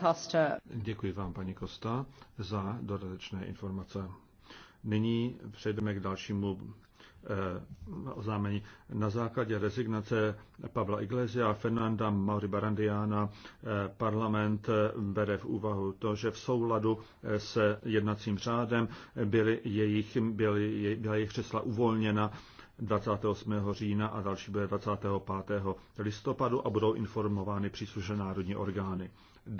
Koster. Děkuji vám, paní Kosta, za dodatečné informace. Nyní přejdeme k dalšímu eh, oznámení. Na základě rezignace Pavla Iglesia a Fernanda Mauri Barandiana eh, parlament eh, bere v úvahu to, že v souladu eh, se jednacím řádem byly jejich, byly, je, byla jejich křesla uvolněna 28. října a další bude 25. listopadu a budou informovány příslušné národní orgány.